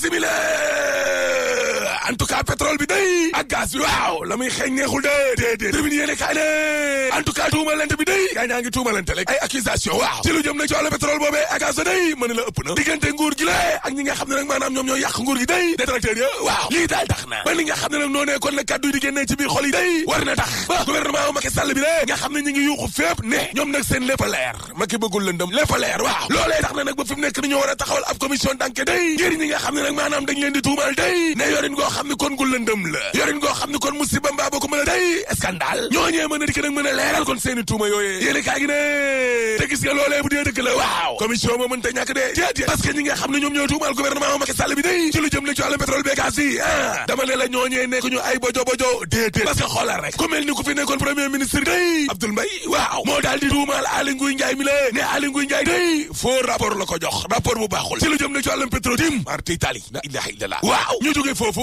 simile en tout cas pétrole bi day ak gaz bi la muy xeeñ neexul de déedéet tribune yéene kaay day gaa ñaa ngi lu jëm nag ci wàllu pétrole boobee ak gaz day mën la ëpp na diggante nguur gi la ak ñi nga xam ne nag maanaam ñoom ñoo kon la kàddu di génnee ci biir yi day war na tax ba gouvernement Macky Sall bi la nga xam ne ñi a a leer waaw loolee tax na nag ba fi day ngir di tuumal day ne yorin goo xam ne kon gu lëndëm ne kon musiba mbaa boo ko mën a day scandale ñooñee mën a dikk nag mën a leeral kon ne te gis nga loolee bu la waaw commission moo mën te ci lu jëm nag ci wàllu pétrole beeg gaz yi ah. la ñooñee nekk ñu ay bojo bojo déedéet parce que xoolal rek ku mel ni ku mi la ne Aly Ngouille Ndiaye day faux rapport la ko jox rapport bu baaxul ci lu jëm nag ci wàllum pétrole tim foofu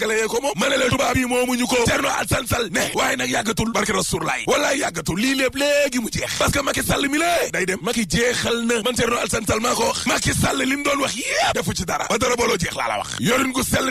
sénégalais yee ko moom mëne la tubaab yi moomuñu ko Thierno Alassane Sall waaye nag yàggatul barke Rasulaay wallaay yàggatul lii lépp léegi mu jeex parce que Macky mi lée day dem Macky jeexal na man Thierno Alassane Sall maa ko wax Macky Sall li mu wax yépp defu ci dara ba dara booloo jeex laa wax yorin gu sell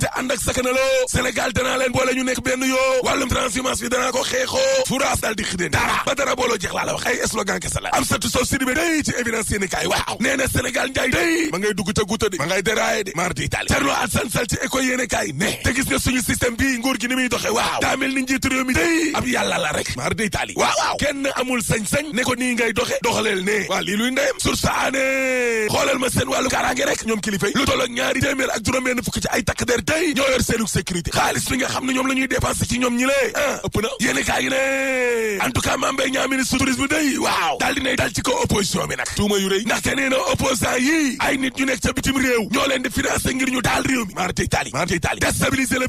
am satu soo sidibé day ci évidence yéen waaw nee na Sénégal njaay day ma ngay dugg ca guuta di ma ngay déraillé di mardi itali Thierno Alassane Sall ci école yéen kaay ne suñu système bi nguur gi ni muy doxe waaw daa ni njiitu réew mi day ab yàlla rek maar day waaw waaw kenn amul sañ-sañ ne ko nii ngay doxe doxaleel ne waaw lii luy ndeyam sur saane xoolal ma seen wàllu kaaraange rek ñoom kilifa yi lu toll ñaari téeméer ak juróom-benn fukk ci ay takk der ñoo yor seenu sécurité xaalis bi nga xam ne ñoom la ñuy ci ñoom ñi lee ah ëpp na yéen kaa gi ne en tout ministre tourisme day waaw dal di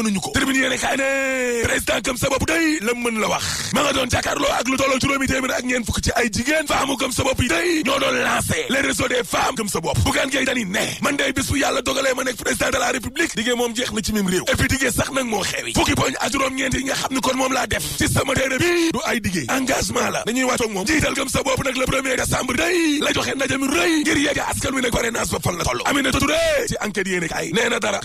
mënuñu ko termine yéene kaay ne président gëm day la mën la wax ma nga doon jàkkaarloo ak lu tolloo juróomi téeméer ak ñeen fukk ci ay jigéen faamu gëm day ñoo doon lancé le réseau des femmes gëm bugaan ngay dani ne man day bis yàlla dogalee ma nekk président de la république diggée moom jeex na ci mim réew et puis sax nag moo xewi fukki poñ ak juróom-ñeent nga xam ni kon moom laa def ci sama téere bi du ay diggée engagement la na dara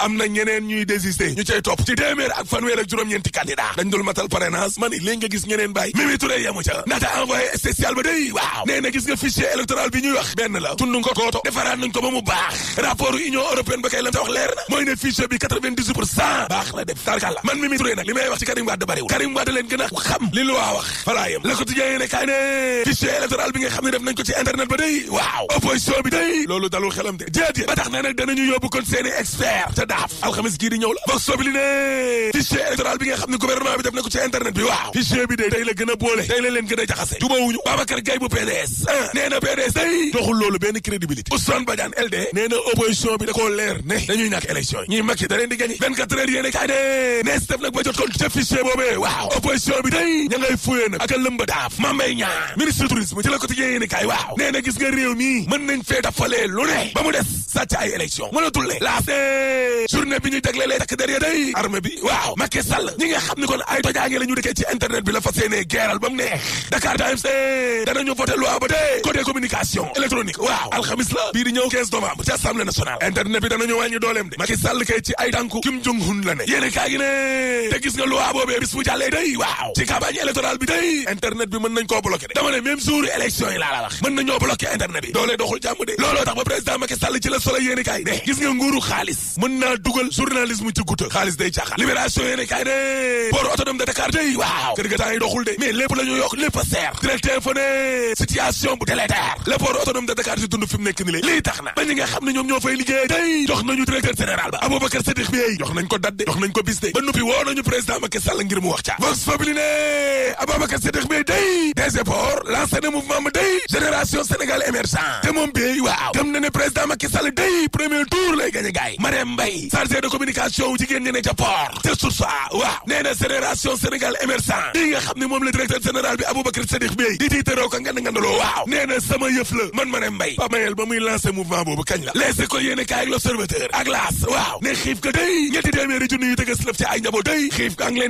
am na ñeneen ñuy désister ñu cay topp ci téeméer ak fanweer ak juróom-ñeenti candidat dañ dul matal parrainage ma ni léegi nga gis ñeneen bàyyi Mimi Touré yemu ca ndaxte envoyé spécial ba day waaw nee gis nga fichier électoral bi ñuy wax benn la tund kooto defaraat nañ ko ba mu baax rapport union européenne ba kay la man Mimi Touré nag li may wax ci Karim Wade bariwul Karim Wade leen gën a xam li lu waa wax falaa ne kaay ne fichier daaf alxames gii di ñëw la vox bi nga xam ne bi def na internet bi waaw fichier bi de tey la gën a boole tey la leen ah, day joxul loolu benn crédibilité Ousmane Badiane LD nee na opposition bi da koo leer ne dañuy ñàkk élection yi ñuy Macky de nees def nag ba jot kon ca fichier boobee waaw a lëmba daaf Mambay Niang ministre tourisme ci la quotidien yéene kaay waaw nee gis nga réew mi mën nañ fee dafalee lu ne ba mu des sàcc ay élection mënatul bi ñu jaglelee bi waaw Macky Sall ñi nga xam ni kon ay tojaange ñu dëkkee ci internet bi la fas yéenee geeral ba mu Dakar Times eh danañu voté loi ba tey de Macky Sall kay ay tànku Kim Jong Un la ne yéen ne te gis nga loi boobee bis bu jàllee day waaw ci campagne électorale bi day internet bi mën nañ koo bloqué de dama ne même yi laa la wax mën nañoo internet bi doolee doxul jàmm de looloo tax ba président Macky solo yéen i kaay ne gis nga nguuru xaalis mën naa dugal day i kaay ne port autonome de Dakar day waaw kër ga temps yi doxul de mais lépp la ñu yokk lépp a directeur fa ne situation bu délétère le port autonome de Dakar di dund fi mu nekk ni le tax na ba ñi nga xam ne ñoom ñoo fay liggéey day jox nañu directeur général ba Aboubacar Sadikh Bèye jox nañ ko date de jox nañ ko bis de ba noppi woo nañu président Macky Sall ngir mu wax ca Vox Populi ne Aboubacar Sadikh Bèye day des efforts lancé na mouvement ma day day premier tour lay gagné gaay Marème Mbaye chargé de communication wu jigéen ñi ne ca port te sursa waaw nee na Sénégal émergent li nga xam ne moom le directeur général bi Aboubacar Sadikh Bèye di tiitaroo ko ngand ngandaloo waaw nee sama yëf la man Marème Mbaye ba ba muy lancé mouvement boobu kañ la les ko yéene kaay ak l'observateur ak laas waaw ne xiif ka day ñetti téeméeri junni yu tëgës ci ay njaboot day xiif ka ngi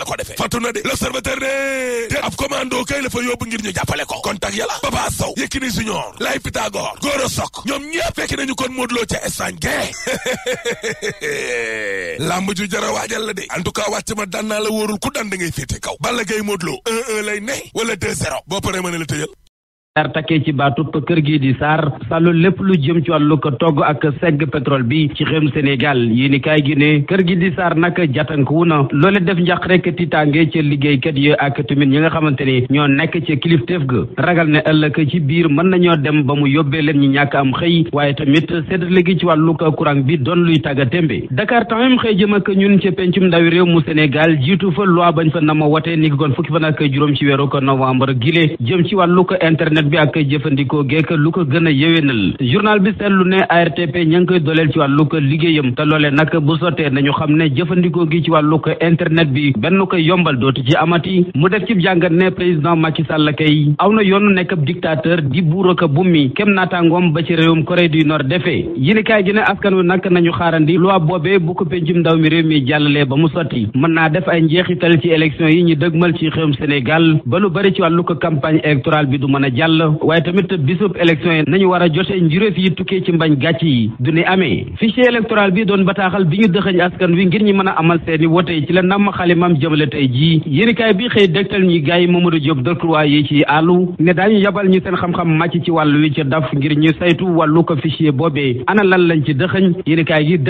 la ko defee fatu na de l'observateur ne te ab commando kay la fa yóbbu ngir ñu jàppale ko kontak yàlla Papa Sow Yékini Junior lay Pythagore Goro Sok ñoom ñëpp fekk nañu kon Modou Lo ca Espagne ge lamb ju jara waajal la de en tout cas wàcc ma daan naa la wóorul ku dan da ngay féete kaw Balla Gaye Modou Lo 1 lay ne wala 2-0 boo paree ma la tëjal saar takkee ci kër gii di saar sàllu lépp lu jëm ci wàllu ko togg ak segg pétrole bi ci xëm Sénégal yéen i kaay gi ne kër gi di saar nag jatankuwu na loole def njàq rek tiitaange ca liggéeykat yi ak tamit ñi nga xamante ni ñoo nekk ci kilifteef ga ragal ne ëllëg ci biir mën nañoo dem ba mu yóbbee leen ñi ñàkk am xëy waaye tamit sedd léegi ci wàllu ko courant bi doon luy tàgga témbe Dakar tamit xëy jëm ak ñun ca pencum ndawi réew mu Sénégal jiitu fa loi bañ fa na ma wote ni ko novembre gile jëm ci wàllu ko bi ak jëfandikoo geek lu ko gën a yéwénal journal bi seetlu ne ARTP ña ngi koy doleel ci wàllu ko liggéeyam te loolee nag bu sottee nañu xam ne jëfandikoo gi ci wàllu ko internet bi benn ko yombal dootu ci amati mu def ci jàngat ne président Macky Sall kay aw na yoonu nekk ab di buur ak bummi kem naataangoom ba ci réewum Corée du Nord defee yéenekaay gi ne askan wi nag nañu xaarandi loi boobee bu ko pencum ndaw mi réew mi jàllalee ba mu sotti mën naa def ay njeexital ci élection yi ñu dëgmal ci xewum Sénégal ba lu bari a jàll waaye tamit bisub élection yi nañu war a jote njuréef yi tukkee ci mbañ gàcc yi du ni amee fichier électoral bi doon bataaxal bi ñu dëxëñ askan wi ngir ñi mën a amal seeni wote ci la namm xalimaam jëmale tey jii yéenikaay bi xëy dégtal ñuy gars yi Mamadou Diop Decroix yi ci àllu ne daañu yabal ñu seen xam-xam màcc ci wàllu wi ci daf ngir ñu saytu wàllu ko fichier boobee ana lan lañ ci dëxëñ yéenikaay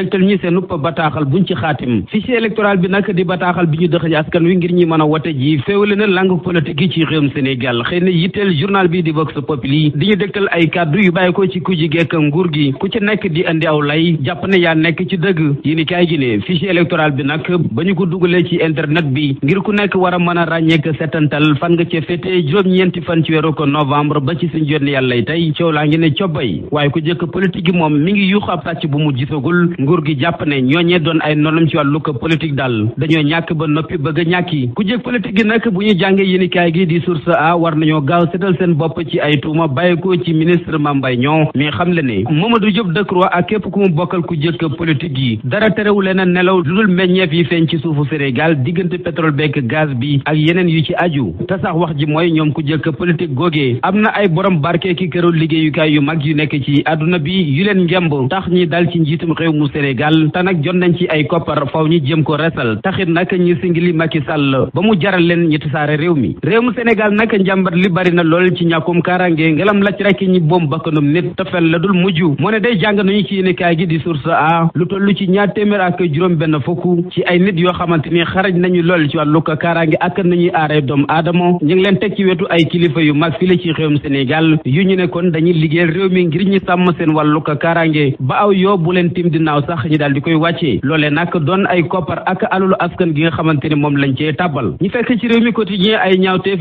a ji féewale na langue politique yi ci réewum Sénégal xëy yitteel journal bi di vox populi di ñu dégtal ay kàddu yu bàyyi ko ci ku ji gekk nguur gi ku ci nekk di andi aw lay jàpp ne nekk ci dëgg yi gi ne fichier électoral bi nag ba ñu ko dugalee ci internet bi ngir ku nekk war a mën a ràññeek setantal fan nga ci féete juróom-ñeenti fan ci weeru ko novembre ba ci suñ jonni yàlla tey coow laa ngi ne cobbay waaye ku jëkk politique gi moom mi ngi yuuxu ab sàcc bu mu gisagul nguur gi jàpp ne ñooñee doon ay noonam ci wàllu ko politique daal dañoo ñàkk ba noppi bëgg a ñàkki ku a war ci ay tuuma bàyyikoo ci ministre Mame Mbaye Niang mi xam le ne Mamadou Diop Decroix ak képp ku mu bokkal ku jëkk politique yi dara terewu leen a nelaw lu dul meññeef yi feeñ ci suufu Sénégal diggante pétrole bekk gaz bi ak yeneen yu ci aju te sax wax ji mooy ñoom ku jëkk politique googee am na ay borom barke ki këru liggéeyukaay yu mag yu nekk ci àdduna bi yu leen ngemb tax ñi dal ci njiitum réew mu Sénégal te nag jot nañ ci ay koppar faw ñi jëm ko resal taxit nag ñi singili Macky Sall ba mu jaral leen ñi tasaare mu Sénégal nag njàmbat li bari na sàkkum karange ngelam lac rek ñi boom bakkanum nit te fel la dul mujj moo ne day jàng nañu ci yéenekaay gi di source a lu toll ci ñaar téeméer ak juróom benn fukk ci ay nit yoo xamante xaraj nañu lool ci wàllu ko karange ak nañuy aare doomu aadama ñu leen teg ci wetu ay kilifa yu mag fii ci réewum Sénégal yu ñu ne kon dañuy liggéeyal réew mi ngir ñu sàmm seen wàllu ko karange ba aw yoo bu leen tim dinaaw sax ñi daal di koy wàccee loolee nag doon ay koppar ak alalu askan gi nga xamante ni moom lañ cee tàbbal ñu fekk ci réew mi quotidien ay ñaawteef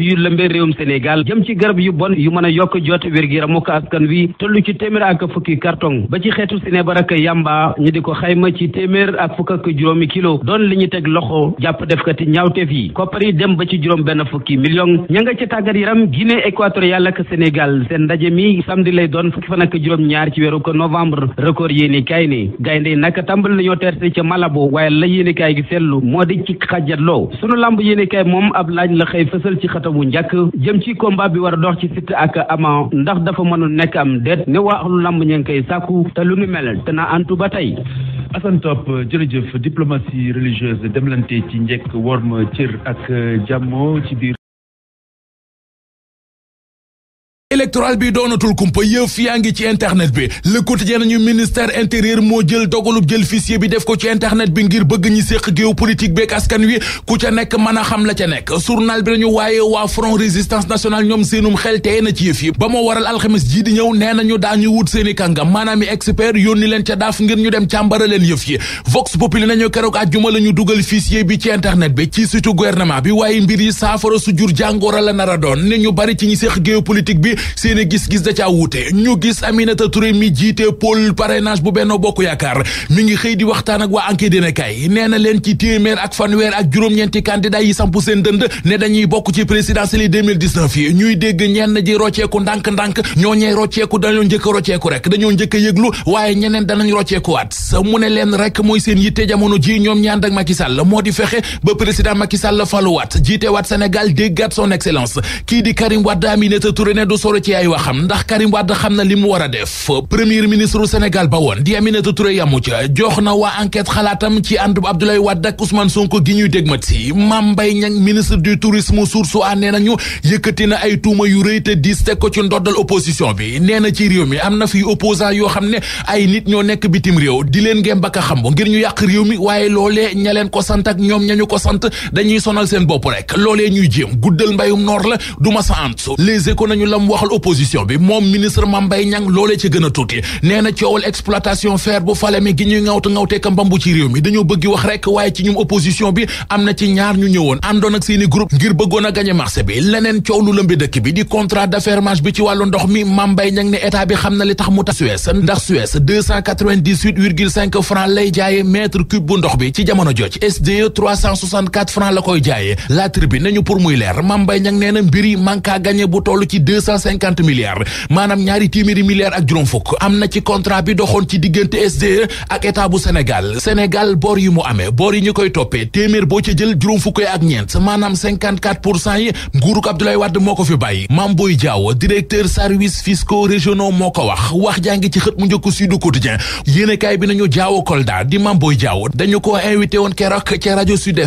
yu mën a yokk jot wér-gi-yaram mu ko askan wi tollu ci téeméer ak fukki carton ba ci xeetu sine a yamba ñu di ko xayma ci téeméer ak fukk ak juróomi kilo doon li ñu teg loxo jàpp defkati ñaawteef yi koppar yi dem ba ci juróom benn fukki million ña nga ci tàggat yaram Guinée équatoriale ak Sénégal seen ndaje mi samedi lay doon fukki fan juróom ñaar ci weeru ko novembre record yéeni kaay ni gaynde yi naka tàmbali nañoo teerte ca Malabo waaye a site ak ama ndax dafa mënul nekk am déet ne waa axlu làmb ña ngi koy sàkku te lu ni mel te na antu ba tey Assane Top jërëjëf diplomatie religieuse demlante ci njëkk worm cër ak jàmmo ci biir électoral bi doonatul kumpa yëf yaa ngi ci internet bi le quotidien nañu ministère intérieur moo jël dogalub jël fichier bi def ko ci internet bi ngir bëgg ñi séq géopolitique beeg askan wi ku ca nekk mën a xam la ca nekk journal bi nañu waaye waa front résistance nationale ñoom seenum xel tey na ci yëf yi ba moo waral alxames ji di ñëw nee nañu daa ñu wut seen i maanaam i expert yónni leen ca daaf ngir ñu dem càmbara leen yëf yi vox populi nañu keroog àjjuma la ñu dugal fichier bi ci internet bi ci surtout gouvernement bi waaye mbir yi saafara su jur jàngoro la nar a doon ne ñu bari ci ñi séq géopolitique bi seeni gis-gis da caa wuute ñu gis Aminata Touré mi jiite pôle parrainage bu Benno Bokk Yaakaar mi ngi xëy di waxtaan ak waa enquête dina kay nee na leen ci téeméer ak fanweer ak juróom-ñeenti candidat yi sampu seen dënd ne dañuy bokk ci présidentielle yi 2019 yi ñuy dégg ñenn ji rocceeku ndànk-ndànk ñoo ñey rocceeku dañoo njëkk a rek dañoo njëkk a yëglu waaye ñeneen danañ rocceekuwaat mu ne leen rek mooy seen yitte jamono ji ñoom ñi ànd ak Macky Sall moo di fexe ba président Macky Sall faluwaat jiitewaat Sénégal déggaat son excellence kii di ci ay waxam ndax Karim Wade xam na li mu war a def premier ministre Sénégal ba woon di Aminata Touré yamu ca jox na waa enquête xalaatam ci àndub Abdoulaye Wade ak Ousmane Sonko gi ñuy dégmat si Mame ministre du tourisme source a nee nañu yëkkati na ay tuuma yu rëy te diis teg ko ci ndoddal opposition bi nee na ci réew mi am na fi opposant yoo xam ne ay nit ñoo nekk bitim réew di leen ngeen bakka xam ngir ñu yàq réew mi waaye loolee ña leen ko sant ak ñoom ñañu ko sant dañuy sonal seen bopp rek loolee ñuy jéem guddal mbayum noor la du ma opposition bi moom ministre Mame Mbaye Niang ci gën tuuti nee coowal exploitation fer bu Falémé gi ñuy ngawtu ngawtee mbambu ci réew mi dañoo bëgg wax rek waaye ci ñum opposition bi am na ci ñaar ñu ñëwoon àndoon ak seeni groupe ngir bëggoon a gañe marché bi leneen coow lu lëmbi dëkk bi di contrat d'affermage bi ci wàllu ndox mi Mame Mbaye ne état bi xam na li tax mu tax Suez ndax Suez 298 lay jaayee mètre cube bu ndox bi ci jamono cinquante milliards maanaam ñaari téeméeri milliards ak juróom fukk am na ci contrat bi doxoon ci diggante SDE ak état Sénégal Sénégal bor yi mu amee bor yi ñu koy toppee téeméer boo ci jël juróom fukk ak ñeent maanaam cinquante quatre pour cent yi nguurug Abdoulaye moo ko fi bàyyi Mame Boye Diao directeur fiscaux régionaux moo ko wax wax jaa ngi ci xët mu njëkk Sud Quotidien yéenekaay bi nañu Diao Kolda di Mame Boye dañu ko invité woon keroog ca rajo Sud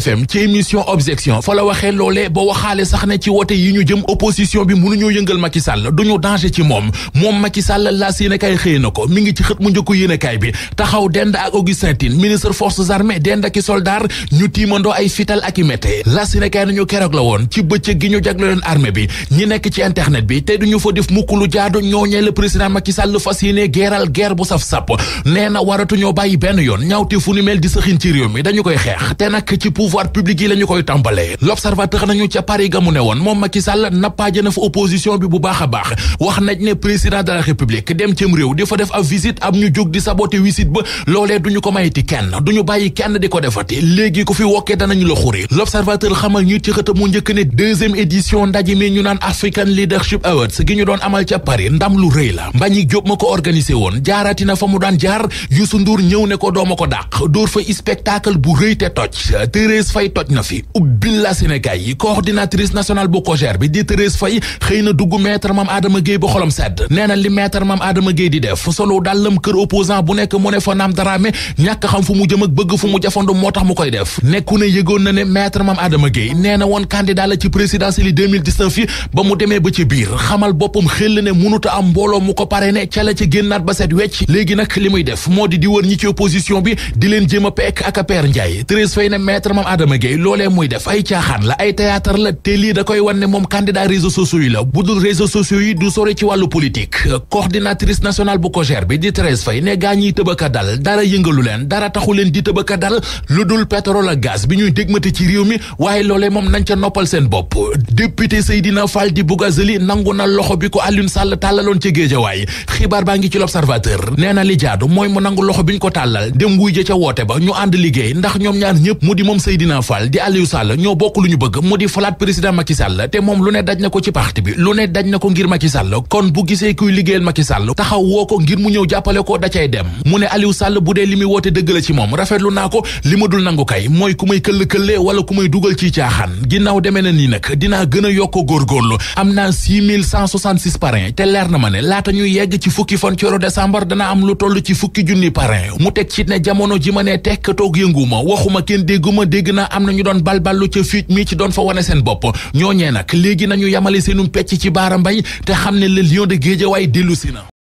duñu danger ci moom moom Macky Sall laas yéenekaay xëy na ko mu ngi ci xët mu njëkk yéenekaay bi taxaw dend ak Augustin Tine ministre forces armées dend ak i soldat ñu tiimandoo ay fital ak i mété laas yéenekaay nañu keroog la woon ci bëccëg gi ñu jagle leen armée bi ñi nekk ci internet bi te duñu fa def mukk lu jaadu ñooñee le président Macky Sall fas yéene geeral guerre bu saf sap nee na waratuñoo bàyyi benn yoon ñaawte fu ni mel di sëxin ci réew koy xeex te nag ci pouvoir ñu koy tàmbalee l'observateur nañu ca Paris ga mu ne woon moom Macky Sall na fa opposition bi bu baax a baax baax wax nañ ne président de la république dem cim réew di fa def ab visite am ñu jóg di saboté visite ba loolee duñu ko mayiti kenn duñu bàyyi kenn di ko defati léegi ku fi wokkee danañu la xuri l'observateur xamal ñu ci xëta mu njëkk ne deuxième édition ndaje mi ñu naan African Leadership Awards gi ñu doon amal ca Paris ndam lu rëy la Mbagnick Diop ma ko organisé woon jaarati na fa mu daan jaar Youssou Ndour ñëw ne ko dooma ko dàq dóor fa spectacle bu rëy te toj Thérèse Faye toj na fi ubbil la Sénégal yi coordinatrice nationale bu COJER bi di Thérèse Faye xëy na maam Adama Gueye ba xolam sedd nee na li maître maam Adama Gueye di def solo dàllam kër opposant bu nekk mu ne fa naam daraame ñàkk xam fu mu jëm ak bëgg fu mu jafandu moo tax mu koy def nekku ne yëgoon na ne maître maam Adama Gueye nee woon candidat la ci présidentielle yi 2019 yi ba mu demee ba ci biir xamal boppam xel ne munuta am mbooloo mu ko pare ne ca la ci génnaat ba set wecc léegi nag li muy def moo di di wër ñi ci bi di leen jéem a pekk ak a peer njaay Thérèse Faye ne maître maam Adama Gueye loolee muy def ay caaxaan la ay sociaux yi du sore ci wàllu politique coordinatrice nationale bu COJER bi di Thérèse Faye ne gaa ñiy tëbaka dal dara yëngalu leen dara taxu leen di tëbaka dal lu dul pétrole ak gaz bi ñuy dégmati ci réew mi waaye loolee moom nañ ca noppal seen bopp député Seydina Fall di Bougazeli nangu na loxo bi ko Alioune Sall tàllaloon ca Géejawaay xibaar baa ngi ci l'observateur nee na li jaadu mooy mu nangu loxo bi ñu ko tàllal dem wuy ja ca woote ba ñu ànd liggéey ndax ñoom ñoo bokk lu ñu di falaat président Macky Sall te moom lu ne daj na ko kon bu gisee kuy liggéeyal Macky Sall taxaw woo ko ngir mu ñëw jàppale ko da cay dem mu ne Aliou Sall bu dee li muy woote dëgg la ci moom rafetlu naa ko li ma dul nangu kay mooy ku may këll-këlle wala ku may dugal ci caaxaan ginnaaw demee na nii nag dinaa gën a yokk góorgóorlu am naa 6166 parrain te leer na ma ne laata ñuy yegg ci fukki fan ci dana am lu toll ci fukki junni parrain mu teg ci ne jamono ji ma ne tekk te xam ne le lion de Guédiawaye dellu si na